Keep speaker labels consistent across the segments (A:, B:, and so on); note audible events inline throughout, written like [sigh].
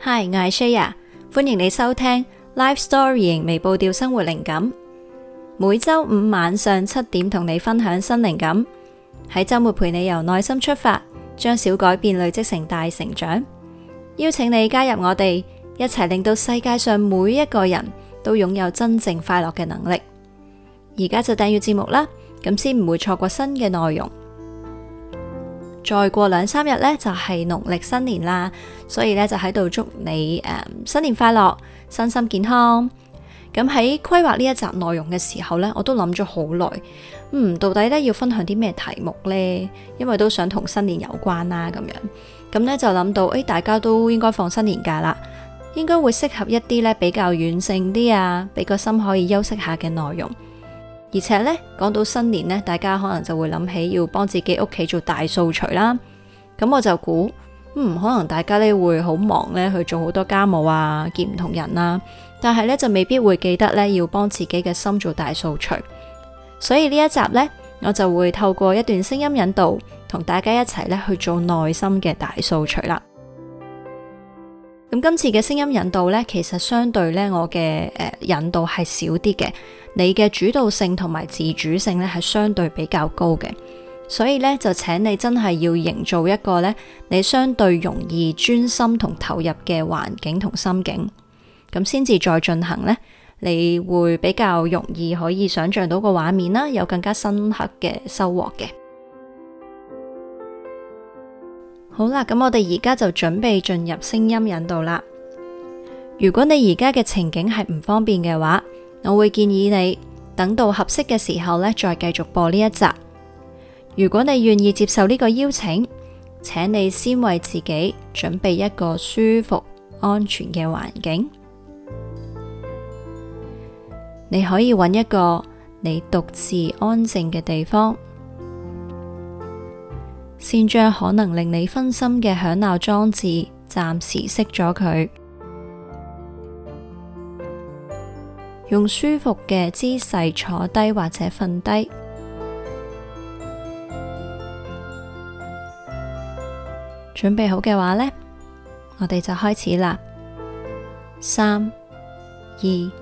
A: Hi，我係 Shaya，歡迎你收聽 Life Storying，微步調生活靈感，每周五晚上七點同你分享新靈感，喺周末陪你由內心出發，將小改變累積成大成長。邀請你加入我哋，一齊令到世界上每一個人都擁有真正快樂嘅能力。而家就訂閱節目啦，咁先唔會錯過新嘅內容。再過兩三日咧，就係、是、農曆新年啦，所以咧就喺度祝你誒、嗯、新年快樂，身心健康。咁喺規劃呢一集內容嘅時候咧，我都諗咗好耐，嗯，到底咧要分享啲咩題目呢？因為都想同新年有關啦、啊，咁樣，咁咧就諗到，誒、哎，大家都應該放新年假啦，應該會適合一啲咧比較軟性啲啊，俾個心可以休息下嘅內容。而且咧，講到新年咧，大家可能就會諗起要幫自己屋企做大掃除啦。咁我就估，嗯，可能大家咧會好忙咧，去做好多家務啊，見唔同人啦。但係咧就未必會記得咧要幫自己嘅心做大掃除。所以呢一集咧，我就會透過一段聲音引導，同大家一齊咧去做內心嘅大掃除啦。咁今次嘅聲音引導呢，其實相對呢，我嘅誒引導係少啲嘅，你嘅主導性同埋自主性呢，係相對比較高嘅，所以呢，就請你真係要營造一個呢，你相對容易專心同投入嘅環境同心境，咁先至再進行呢，你會比較容易可以想象到個畫面啦，有更加深刻嘅收穫嘅。好啦，咁我哋而家就準備進入聲音引導啦。如果你而家嘅情景係唔方便嘅話，我會建議你等到合適嘅時候呢，再繼續播呢一集。如果你願意接受呢個邀請，請你先為自己準備一個舒服、安全嘅環境。你可以揾一個你獨自安靜嘅地方。善將可能令你分心嘅響鬧裝置暫時熄咗佢，用舒服嘅姿勢坐低或者瞓低。準備好嘅話呢，我哋就開始啦，三、二、一，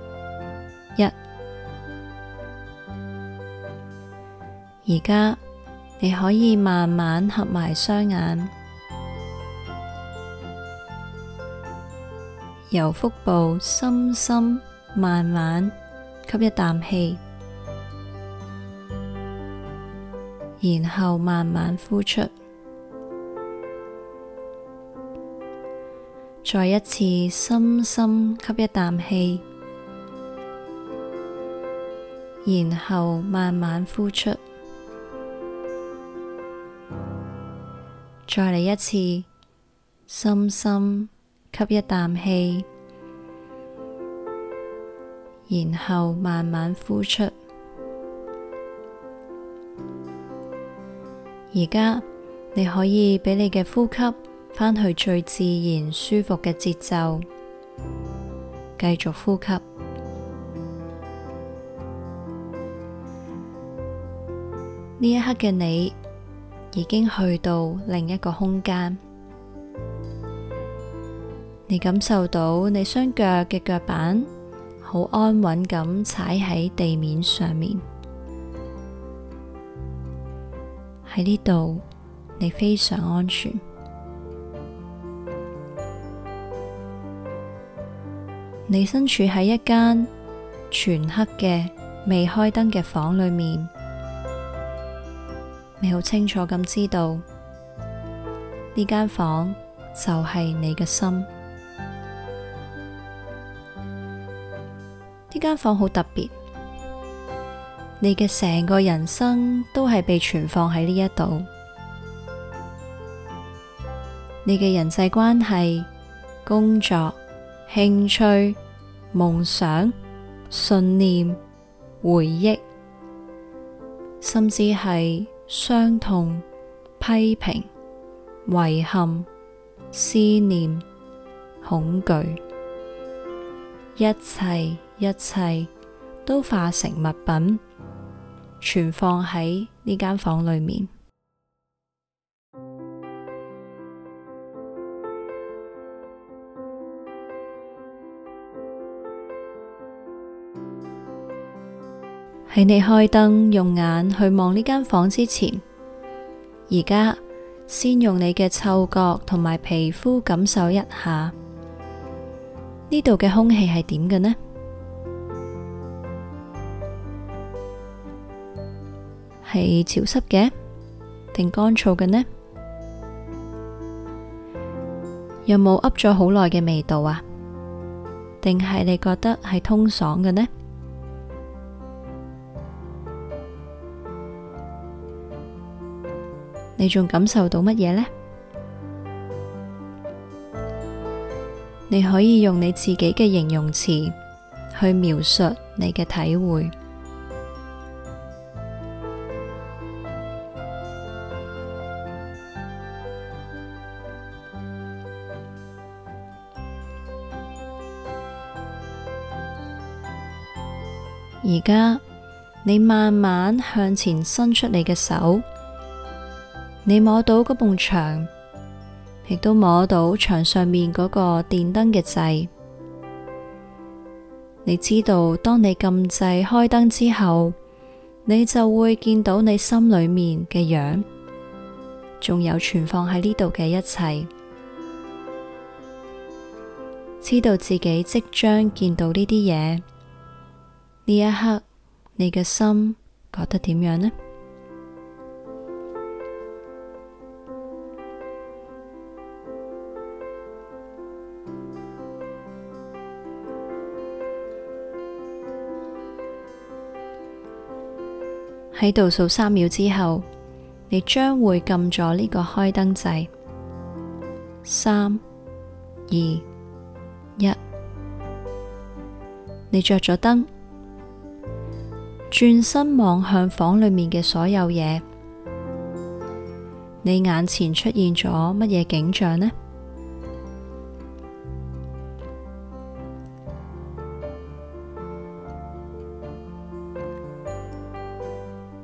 A: 而家。你可以慢慢合埋雙眼，由腹部深深慢慢吸一啖氣，然後慢慢呼出，再一次深深吸一啖氣，然後慢慢呼出。再嚟一次，深深吸一啖氣，然後慢慢呼出。而家你可以畀你嘅呼吸翻去最自然舒服嘅節奏，繼續呼吸。呢一刻嘅你。已經去到另一個空間，你感受到你雙腳嘅腳板好安穩咁踩喺地面上面，喺呢度，你非常安全。你身處喺一間全黑嘅未開燈嘅房裏面。你好清楚咁知道，呢間房就係你嘅心。呢間房好特別，你嘅成個人生都係被存放喺呢一度。你嘅人際關係、工作、興趣、夢想、信念、回憶，甚至係。傷痛、批評、遺憾、思念、恐懼，一切一切都化成物品，存放喺呢間房裏面。喺你開燈，用眼去望呢間房之前，而家先用你嘅嗅覺同埋皮膚感受一下，呢度嘅空氣係點嘅呢？係潮濕嘅，定乾燥嘅呢？有冇噏咗好耐嘅味道啊？定係你覺得係通爽嘅呢？你仲感受到乜嘢呢？你可以用你自己嘅形容詞去描述你嘅體會。而家，你慢慢向前伸出你嘅手。你摸到嗰埲牆，亦都摸到牆上面嗰個電燈嘅掣。你知道，當你撳掣開燈之後，你就會見到你心裏面嘅樣，仲有存放喺呢度嘅一切。知道自己即將見到呢啲嘢，呢一刻你嘅心覺得點樣呢？喺度數三秒之後，你將會撳咗呢個開燈掣。三、二、一，你着咗燈，轉身望向房裏面嘅所有嘢，你眼前出現咗乜嘢景象呢？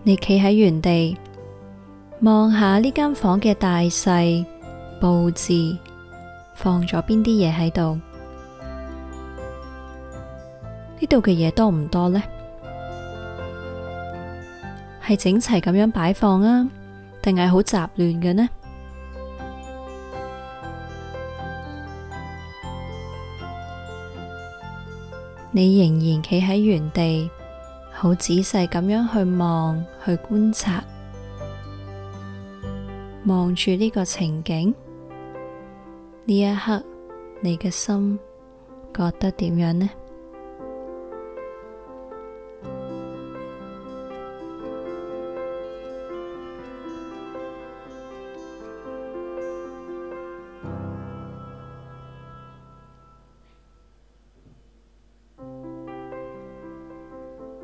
A: 你企喺原地，望下呢間房嘅大細、布置，放咗邊啲嘢喺度？呢度嘅嘢多唔多呢？係整齊咁樣擺放啊，定係好雜亂嘅呢？你仍然企喺原地。好仔細咁樣去望，去觀察，望住呢個情景，呢一刻你嘅心覺得點樣呢？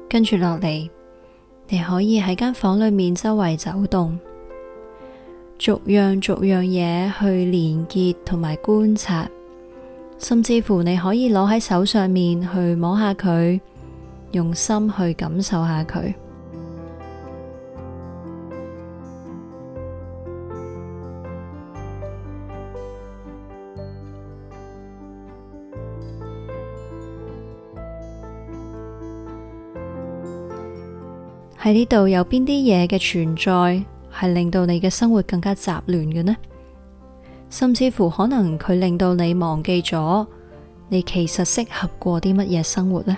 A: 跟住落嚟，你可以喺間房裏面周圍走動，逐樣逐樣嘢去連結同埋觀察，甚至乎你可以攞喺手上面去摸下佢，用心去感受下佢。喺呢度有邊啲嘢嘅存在係令到你嘅生活更加雜亂嘅呢？甚至乎可能佢令到你忘記咗你其實適合過啲乜嘢生活呢？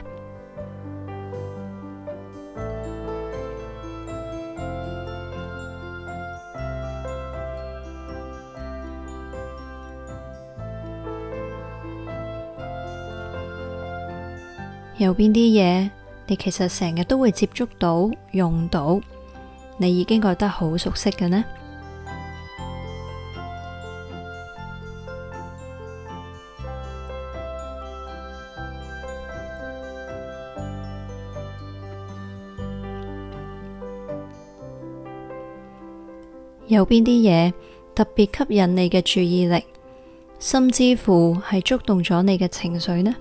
A: 有邊啲嘢？你其實成日都會接觸到、用到，你已經覺得好熟悉嘅呢？有邊啲嘢特別吸引你嘅注意力，甚至乎係觸動咗你嘅情緒呢？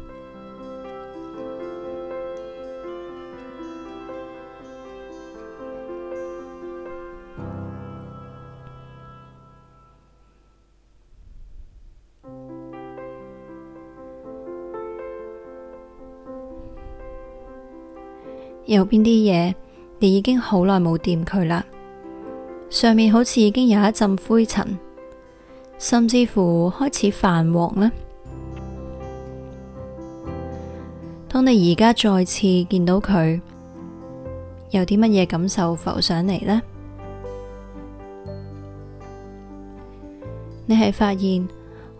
A: 有邊啲嘢，你已經好耐冇掂佢啦？上面好似已經有一陣灰塵，甚至乎開始泛黃呢。當你而家再次見到佢，有啲乜嘢感受浮上嚟呢？你係發現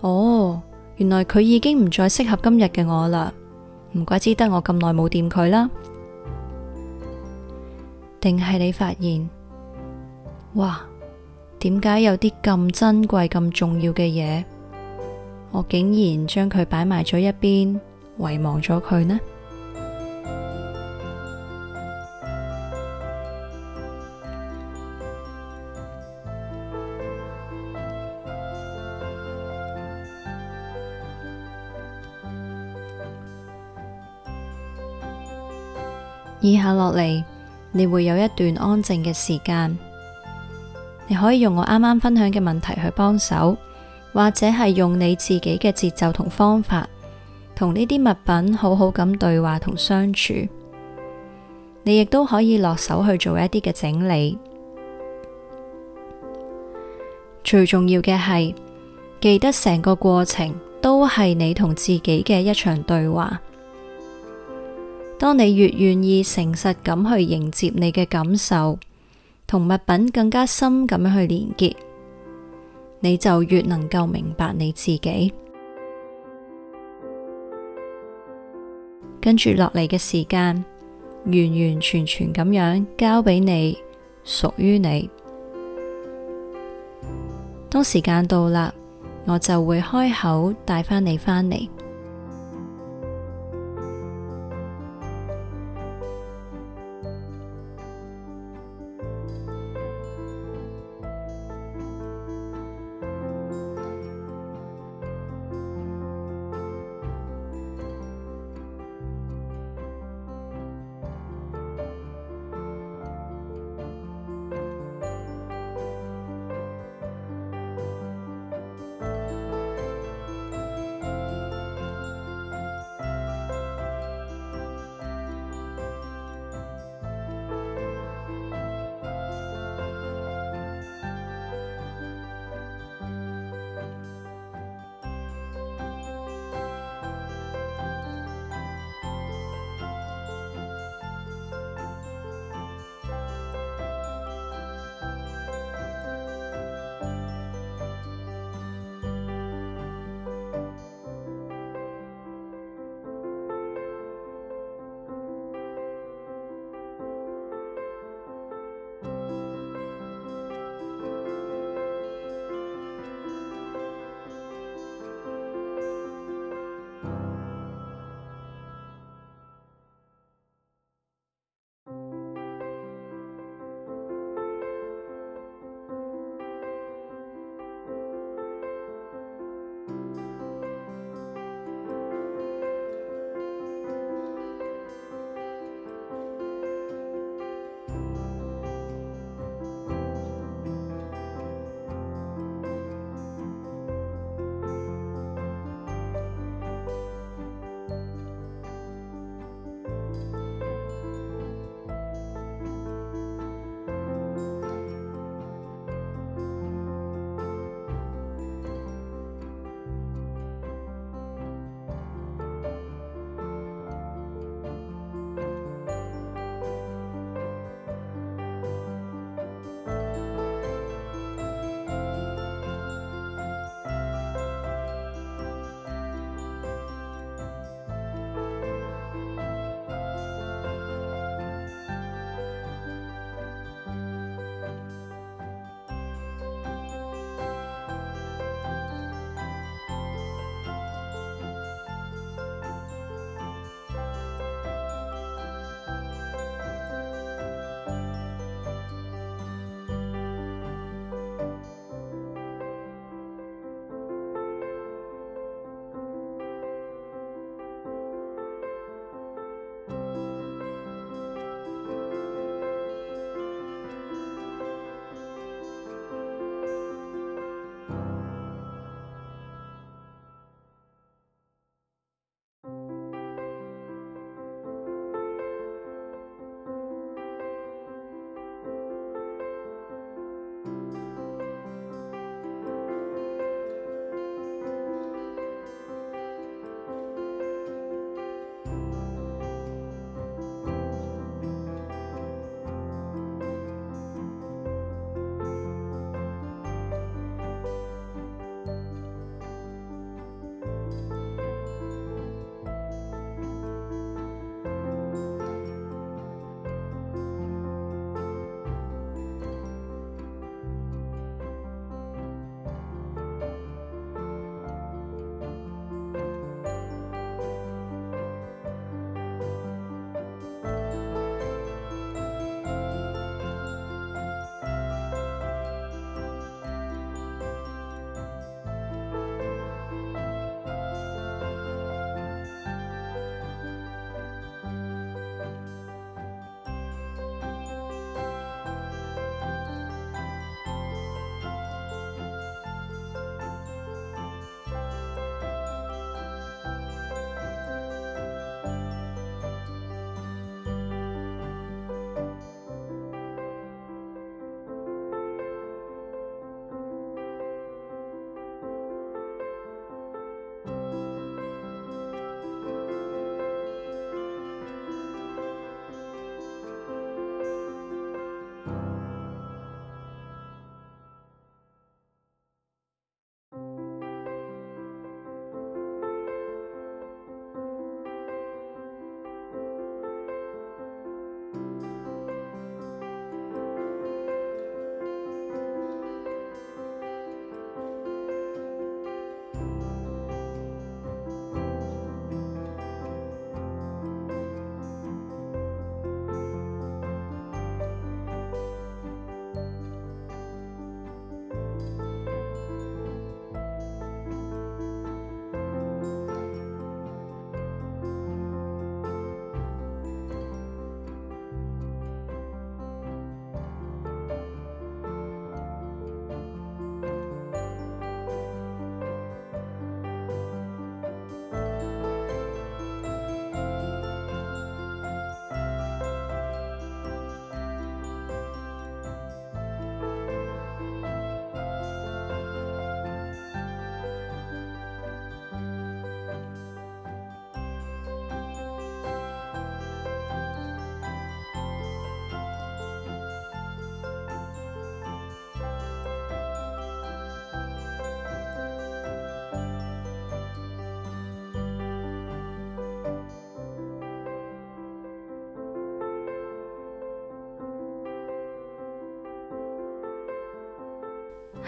A: 哦，原來佢已經唔再適合今日嘅我啦。唔怪之得我咁耐冇掂佢啦。定係你發現，哇，點解有啲咁珍貴、咁重要嘅嘢，我竟然將佢擺埋咗一邊，遺忘咗佢呢？以下落嚟。你會有一段安靜嘅時間，你可以用我啱啱分享嘅問題去幫手，或者係用你自己嘅節奏同方法，同呢啲物品好好咁對話同相處。你亦都可以落手去做一啲嘅整理。最重要嘅係，記得成個過程都係你同自己嘅一場對話。當你越願意誠實咁去迎接你嘅感受，同物品更加深咁樣去連結，你就越能夠明白你自己。跟住落嚟嘅時間，完完全全咁樣交俾你，屬於你。當時間到啦，我就會開口帶翻你翻嚟。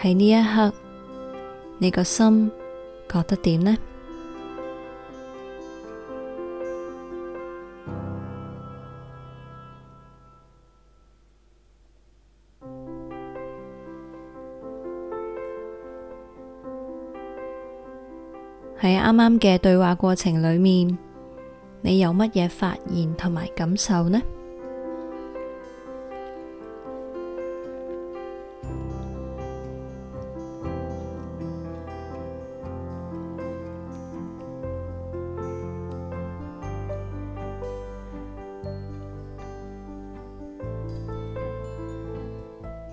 A: 喺呢一刻，你個心覺得點呢？喺啱啱嘅對話過程裏面，你有乜嘢發現同埋感受呢？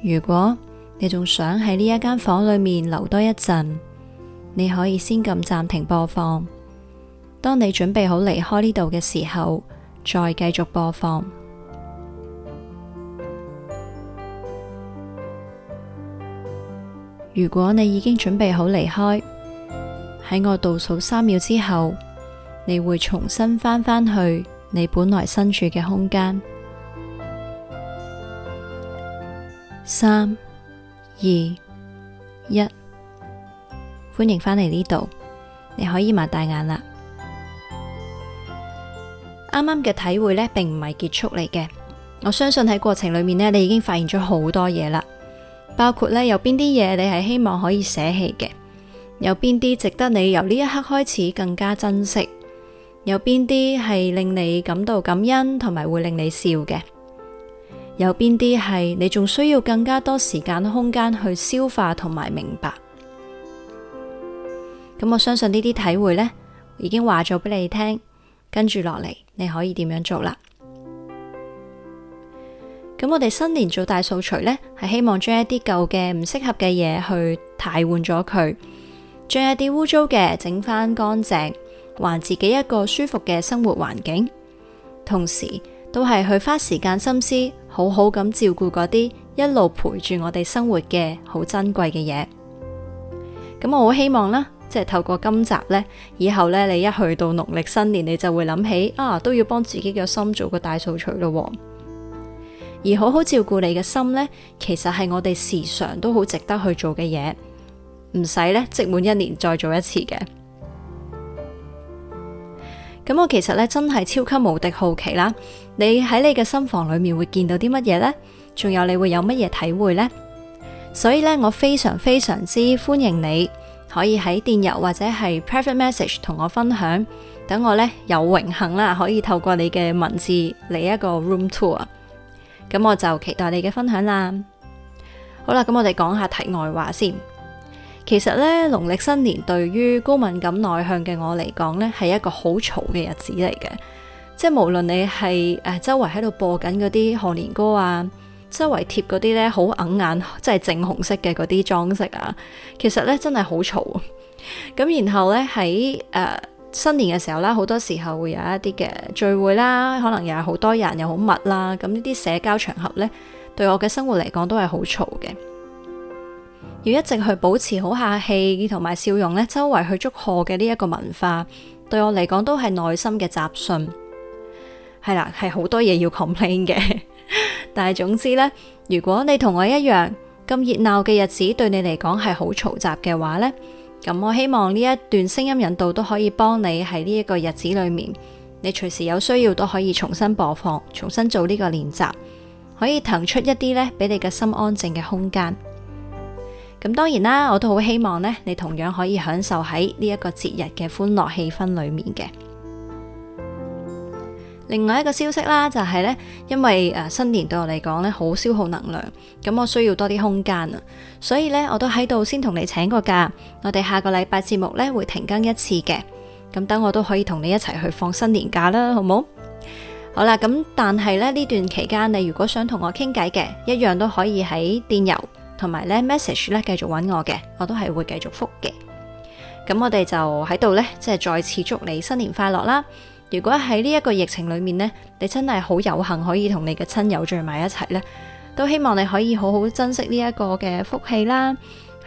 A: 如果你仲想喺呢一間房裏面留多一陣，你可以先撳暫停播放。當你準備好離開呢度嘅時候，再繼續播放。如果你已經準備好離開，喺我倒數三秒之後，你會重新翻返去你本來身處嘅空間。三、二、一，歡迎返嚟呢度。你可以擘大眼啦。啱啱嘅體會呢並唔係結束嚟嘅。我相信喺過程裏面呢，你已經發現咗好多嘢啦，包括呢：有邊啲嘢你係希望可以捨棄嘅，有邊啲值得你由呢一刻開始更加珍惜，有邊啲係令你感到感恩同埋會令你笑嘅。有邊啲係你仲需要更加多時間空間去消化同埋明白？咁我相信呢啲體會呢已經話咗俾你聽。跟住落嚟，你可以點樣做啦？咁我哋新年做大掃除呢，係希望將一啲舊嘅唔適合嘅嘢去替換咗佢，將一啲污糟嘅整翻乾淨，還自己一個舒服嘅生活環境，同時都係去花時間心思。好好咁照顧嗰啲一路陪住我哋生活嘅好珍貴嘅嘢，咁我好希望啦，即係透過今集呢，以後呢，你一去到農曆新年，你就會諗起啊，都要幫自己嘅心做個大掃除咯喎。而好好照顧你嘅心呢，其實係我哋時常都好值得去做嘅嘢，唔使呢，積滿一年再做一次嘅。咁我其實咧真係超級無敵好奇啦！你喺你嘅心房裏面會見到啲乜嘢呢？仲有你會有乜嘢體會呢？所以咧，我非常非常之歡迎你可以喺電郵或者係 private message 同我分享，等我咧有榮幸啦，可以透過你嘅文字嚟一個 room tour。咁我就期待你嘅分享啦。好啦，咁我哋講下題外話先。其實咧，農曆新年對於高敏感內向嘅我嚟講咧，係一個好嘈嘅日子嚟嘅。即係無論你係誒、呃、周圍喺度播緊嗰啲賀年歌啊，周圍貼嗰啲咧好硬眼，即係正紅色嘅嗰啲裝飾啊，其實咧真係好嘈。咁 [laughs] 然後咧喺誒新年嘅時候啦，好多時候會有一啲嘅聚會啦，可能又係好多人又好密啦。咁呢啲社交場合咧，對我嘅生活嚟講都係好嘈嘅。要一直去保持好客氣同埋笑容咧，周圍去祝賀嘅呢一個文化，對我嚟講都係內心嘅雜訊。係啦，係好多嘢要 complain 嘅。 [laughs] 但係總之呢，如果你同我一樣，咁熱鬧嘅日子對你嚟講係好嘈雜嘅話呢，咁我希望呢一段聲音引導都可以幫你喺呢一個日子裏面，你隨時有需要都可以重新播放，重新做呢個練習，可以騰出一啲呢，俾你嘅心安靜嘅空間。咁當然啦，我都好希望咧，你同樣可以享受喺呢一個節日嘅歡樂氣氛裡面嘅。另外一個消息啦，就係咧，因為誒新年對我嚟講咧好消耗能量，咁我需要多啲空間啊，所以咧我都喺度先同你請個假，我哋下個禮拜節目咧會停更一次嘅，咁等我都可以同你一齊去放新年假啦，好冇？好啦，咁但係咧呢段期間，你如果想同我傾偈嘅，一樣都可以喺電郵。同埋咧 message 咧，繼續揾我嘅，我都係會繼續覆嘅。咁我哋就喺度呢，即係再次祝你新年快樂啦！如果喺呢一個疫情裡面呢，你真係好有幸可以同你嘅親友聚埋一齊呢，都希望你可以好好珍惜呢一個嘅福氣啦。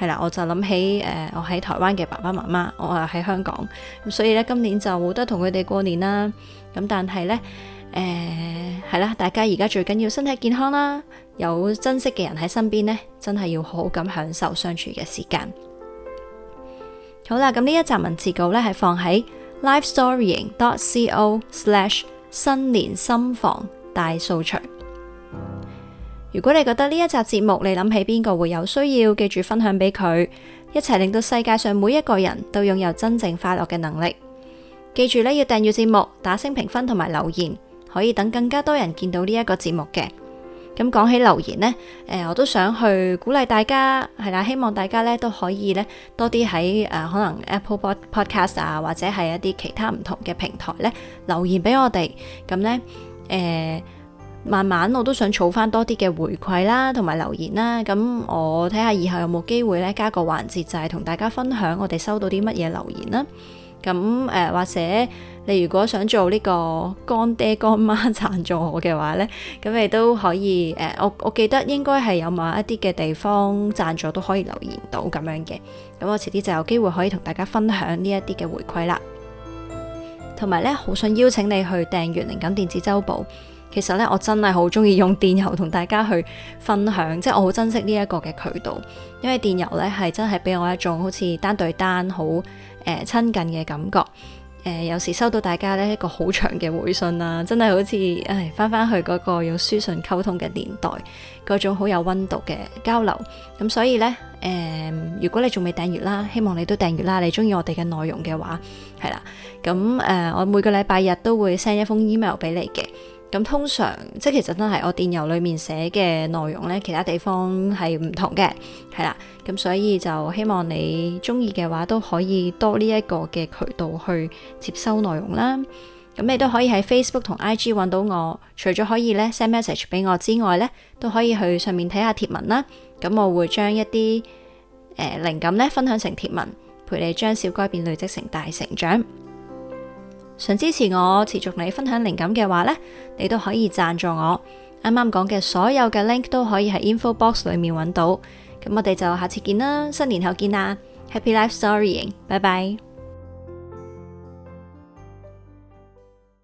A: 係啦，我就諗起誒、呃，我喺台灣嘅爸爸媽媽，我啊喺香港，咁所以咧今年就冇得同佢哋過年啦。咁但係呢。誒，係啦、呃，大家而家最緊要身體健康啦，有珍惜嘅人喺身邊呢，真係要好好咁享受相處嘅時間。好啦，咁呢一集文字稿呢，係放喺 lifestorying.co/ 新年心房大掃除。如果你覺得呢一集節目，你諗起邊個會有需要，記住分享俾佢，一齊令到世界上每一個人都擁有真正快樂嘅能力。記住呢，要訂閱節目，打星評分同埋留言。可以等更加多人見到呢一個節目嘅。咁講起留言呢，誒、呃、我都想去鼓勵大家，係啦，希望大家呢都可以呢多啲喺誒可能 Apple Podcast 啊，或者係一啲其他唔同嘅平台呢留言俾我哋。咁呢，誒、呃，慢慢我都想儲翻多啲嘅回饋啦，同埋留言啦。咁我睇下以後有冇機會呢加個環節，就係同大家分享我哋收到啲乜嘢留言啦。咁誒、呃，或者你如果想做呢個乾爹乾媽贊助我嘅話呢，咁你都可以誒、呃，我我記得應該係有某一啲嘅地方贊助都可以留言到咁樣嘅。咁我遲啲就有機會可以同大家分享呢一啲嘅回饋啦。同埋呢，好想邀請你去訂閱靈感電子週報。其實呢，我真係好中意用電郵同大家去分享，即係我好珍惜呢一個嘅渠道，因為電郵呢係真係俾我一種好似單對單好，誒，親、呃、近嘅感覺，誒、呃，有時收到大家呢一個好長嘅回信啦、啊，真係好似誒，翻翻去嗰個用書信溝通嘅年代，嗰種好有溫度嘅交流。咁所以呢，誒、呃，如果你仲未訂閱啦，希望你都訂閱啦，你中意我哋嘅內容嘅話，係啦，咁誒、呃，我每個禮拜日都會 send 一封 email 俾你嘅。咁通常，即係其實真係我電郵裏面寫嘅內容呢，其他地方係唔同嘅，係啦。咁所以就希望你中意嘅話，都可以多呢一個嘅渠道去接收內容啦。咁你都可以喺 Facebook 同 IG 揾到我，除咗可以呢 send message 俾我之外呢，都可以去上面睇下貼文啦。咁我會將一啲誒、呃、靈感呢，分享成貼文，陪你將小改變累積成大成長。想支持我，持續同你分享靈感嘅話呢，你都可以贊助我。啱啱講嘅所有嘅 link 都可以喺 info box 裏面揾到。咁我哋就下次見啦，新年後見啦，Happy life storying，拜拜。